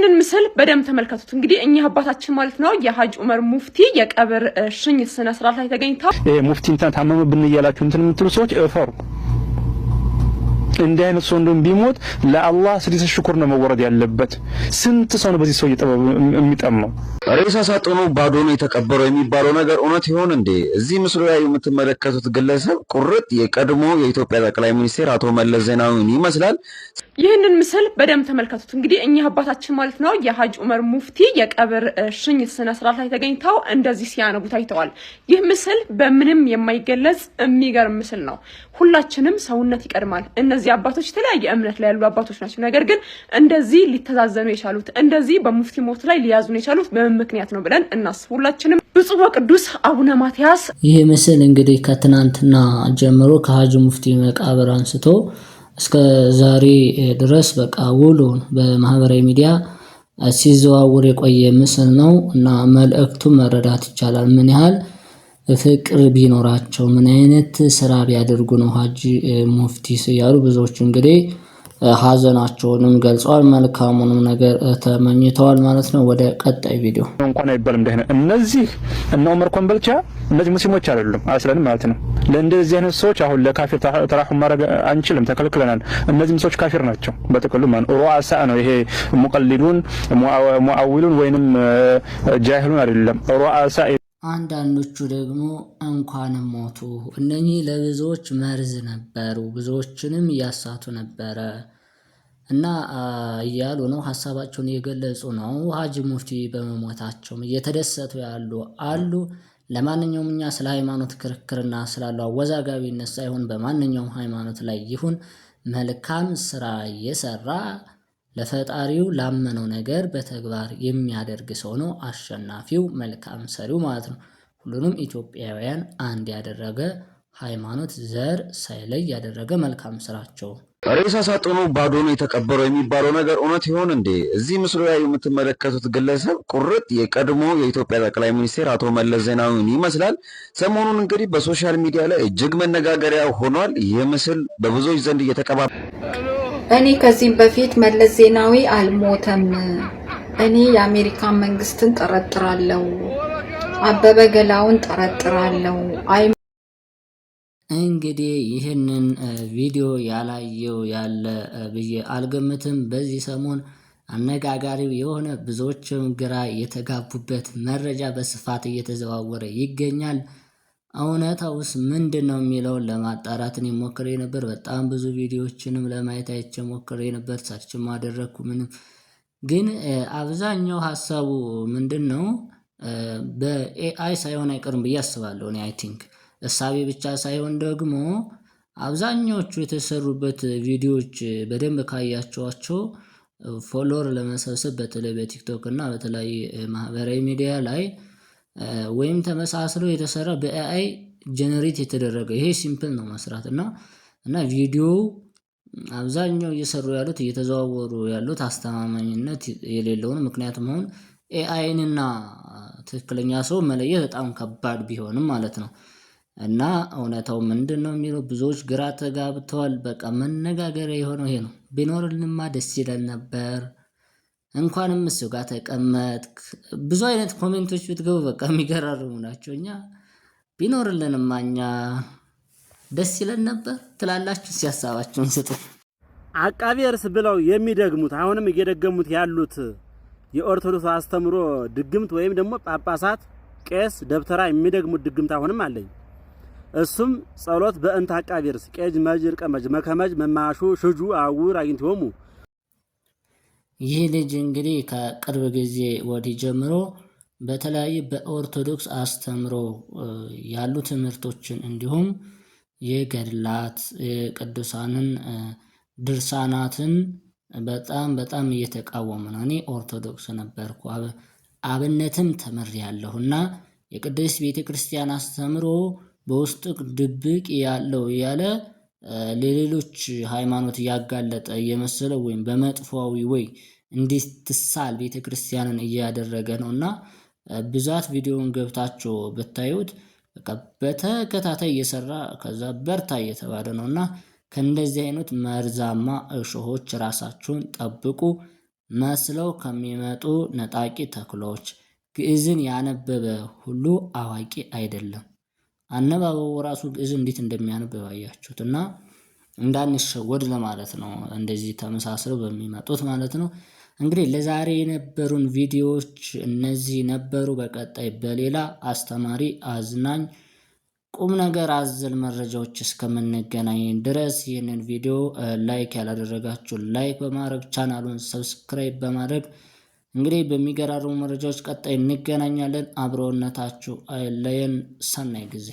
ይህንን ምስል በደንብ ተመልከቱት። እንግዲህ እኚህ አባታችን ማለት ነው የሀጅ ኡመር ሙፍቲ የቀብር ሽኝት ስነ ስርዓት ላይ ተገኝተው ሙፍቲ እንትና ታመመብን እያላችሁ እንትን የምትሉ ሰዎች እፈሩ። እንዲህ አይነት ሰው እንደም ቢሞት ለአላህ ስድስት ሽኩር ነው መወረድ ያለበት። ስንት ሰው ነው በዚህ ሰው እየጠበብ የሚጠማው? ሬሳ ሳጥኑ ባዶ ነው የተቀበረው የሚባለው ነገር እውነት ይሆን እንዴ? እዚህ ምስሉ ላይ የምትመለከቱት ግለሰብ ቁርጥ የቀድሞ የኢትዮጵያ ጠቅላይ ሚኒስቴር አቶ መለስ ዜናዊን ይመስላል። ይህንን ምስል በደንብ ተመልከቱት። እንግዲህ እኚህ አባታችን ማለት ነው የሀጅ ኡመር ሙፍቲ የቀብር ሽኝት ስነ ስርዓት ላይ ተገኝተው እንደዚህ ሲያነቡ ታይተዋል። ይህ ምስል በምንም የማይገለጽ የሚገርም ምስል ነው። ሁላችንም ሰውነት ይቀድማል። እነዚህ አባቶች የተለያየ እምነት ላይ ያሉ አባቶች ናቸው። ነገር ግን እንደዚህ ሊተዛዘኑ የቻሉት እንደዚህ በሙፍቲ ሞት ላይ ሊያዙን የቻሉት በምን ምክንያት ነው ብለን እናስብ። ሁላችንም ብፁዕ ወቅዱስ አቡነ ማትያስ። ይህ ምስል እንግዲህ ከትናንትና ጀምሮ ከሀጅ ሙፍቲ መቃብር አንስቶ እስከ ዛሬ ድረስ በቃ ውሉን በማህበራዊ ሚዲያ ሲዘዋውር የቆየ ምስል ነው እና መልእክቱን መረዳት ይቻላል። ምን ያህል ፍቅር ቢኖራቸው ምን አይነት ስራ ቢያደርጉ ነው ሀጂ ሙፍቲ እያሉ ብዙዎች እንግዲህ ሀዘናቸውንም ገልጸዋል። መልካሙንም ነገር ተመኝተዋል ማለት ነው። ወደ ቀጣይ ቪዲዮ እንኳን አይባልም ደህና እነዚህ እነ ኡመር ኮምበልቻ እነዚህ ሙስሊሞች አይደሉም አስለን ማለት ነው። ለእንደዚህ አይነት ሰዎች አሁን ለካፊር ተራሁ ማድረግ አንችልም፣ ተከልክለናል። እነዚህም ሰዎች ካፊር ናቸው በጥቅሉ ማን ሩአሳ ነው ይሄ ሙቀሊዱን ሙአዊሉን ወይንም ጃሂሉን አይደለም ሩአሳ አንዳንዶቹ ደግሞ እንኳንም ሞቱ። እነኚህ ለብዙዎች መርዝ ነበሩ ብዙዎችንም እያሳቱ ነበረ እና እያሉ ነው ሀሳባቸውን እየገለጹ ነው። ሀጂ ሙፍቲ በመሞታቸውም እየተደሰቱ ያሉ አሉ። ለማንኛውም እኛ ስለ ሃይማኖት ክርክርና ስላለው አወዛጋቢነት ሳይሆን በማንኛውም ሃይማኖት ላይ ይሁን መልካም ስራ የሰራ ለፈጣሪው ላመነው ነገር በተግባር የሚያደርግ ሰው ነው አሸናፊው መልካም ሰሪው ማለት ነው። ሁሉንም ኢትዮጵያውያን አንድ ያደረገ ሃይማኖት፣ ዘር ሳይለይ ያደረገ መልካም ስራቸው። ሬሳ ሳጥኑ ባዶ ነው የተቀበረው የሚባለው ነገር እውነት ይሆን እንዴ? እዚህ ምስሉ ላይ የምትመለከቱት ግለሰብ ቁርጥ የቀድሞ የኢትዮጵያ ጠቅላይ ሚኒስቴር አቶ መለስ ዜናዊን ይመስላል። ሰሞኑን እንግዲህ በሶሻል ሚዲያ ላይ እጅግ መነጋገሪያ ሆኗል። ይህ ምስል በብዙዎች ዘንድ እየተቀባ እኔ ከዚህም በፊት መለስ ዜናዊ አልሞተም፣ እኔ የአሜሪካን መንግስትን ጠረጥራለሁ፣ አበበ ገላውን ጠረጥራለሁ። አይ እንግዲህ ይህንን ቪዲዮ ያላየው ያለ ብዬ አልገምትም። በዚህ ሰሞን አነጋጋሪው የሆነ ብዙዎችም ግራ የተጋቡበት መረጃ በስፋት እየተዘዋወረ ይገኛል። እውነታውስ ምንድን ነው የሚለውን ለማጣራት እኔ ሞክሬ ነበር። በጣም ብዙ ቪዲዮዎችንም ለማየት አይቼ ሞክሬ ነበር ሰርችም አደረኩ ምንም ግን አብዛኛው ሀሳቡ ምንድን ነው? በኤአይ ሳይሆን አይቀርም ብዬ አስባለሁ። እኔ አይ ቲንክ እሳቤ ብቻ ሳይሆን ደግሞ አብዛኛዎቹ የተሰሩበት ቪዲዮዎች በደንብ ካያቸዋቸው ፎሎወር ለመሰብሰብ በተለይ በቲክቶክ እና በተለያዩ ማህበራዊ ሚዲያ ላይ ወይም ተመሳስሎ የተሰራ በኤአይ ጀነሬት የተደረገ ይሄ ሲምፕል ነው መስራት እና እና ቪዲዮ አብዛኛው እየሰሩ ያሉት እየተዘዋወሩ ያሉት አስተማማኝነት የሌለውን ምክንያቱም አሁን ኤአይን እና ትክክለኛ ሰው መለየት በጣም ከባድ ቢሆንም ማለት ነው እና እውነታው ምንድን ነው የሚለው ብዙዎች ግራ ተጋብተዋል። በቃ መነጋገሪያ የሆነው ይሄ ነው። ቢኖርልንማ ደስ ይለን ነበር። እንኳንም እሱ ጋር ተቀመጥክ። ብዙ አይነት ኮሜንቶች ብትገቡ በቃ የሚገራርሙ ናቸው። እኛ ቢኖርልንማ እኛ ደስ ይለን ነበር ትላላችሁ። ሲያሳባችሁን ስጡ። አቃቤ እርስ ብለው የሚደግሙት አሁንም እየደገሙት ያሉት የኦርቶዶክስ አስተምሮ ድግምት ወይም ደግሞ ጳጳሳት፣ ቄስ፣ ደብተራ የሚደግሙት ድግምት አሁንም አለኝ። እሱም ጸሎት በእንተ አቃቤ እርስ ቄጅ መጅ ርቀመጅ መከመጅ መማሹ ሽጁ አውር አግኝቶሙ ይህ ልጅ እንግዲህ ከቅርብ ጊዜ ወዲህ ጀምሮ በተለያዩ በኦርቶዶክስ አስተምሮ ያሉ ትምህርቶችን እንዲሁም የገድላት የቅዱሳንን ድርሳናትን በጣም በጣም እየተቃወመ ነው። እኔ ኦርቶዶክስ ነበርኩ አብነትም ተምር ያለሁና የቅድስት ቤተ ክርስቲያን አስተምሮ በውስጥ ድብቅ ያለው እያለ ለሌሎች ሃይማኖት ያጋለጠ የመሰለ ወይም በመጥፎዊ ወይ እንዲትሳል ቤተክርስቲያንን እያደረገ ነው። እና ብዛት ቪዲዮውን ገብታችሁ ብታዩት በተከታታይ እየሰራ ከዛ በርታ እየተባለ ነው። እና ከእንደዚህ አይነት መርዛማ እሾሆች ራሳችሁን ጠብቁ። መስለው ከሚመጡ ነጣቂ ተኩላዎች ግዕዝን ያነበበ ሁሉ አዋቂ አይደለም። አነባበቡ ራሱ ግዕዝ እንዴት እንደሚያነብብ አያችሁት። እና እንዳንሸወድ ለማለት ነው እንደዚህ ተመሳስለው በሚመጡት ማለት ነው። እንግዲህ ለዛሬ የነበሩን ቪዲዮዎች እነዚህ ነበሩ። በቀጣይ በሌላ አስተማሪ፣ አዝናኝ፣ ቁም ነገር አዘል መረጃዎች እስከምንገናኝ ድረስ ይህንን ቪዲዮ ላይክ ያላደረጋችሁ ላይክ በማድረግ ቻናሉን ሰብስክራይብ በማድረግ እንግዲህ በሚገራሩ መረጃዎች ቀጣይ እንገናኛለን። አብሮነታችሁ አይለየን። ሰናይ ጊዜ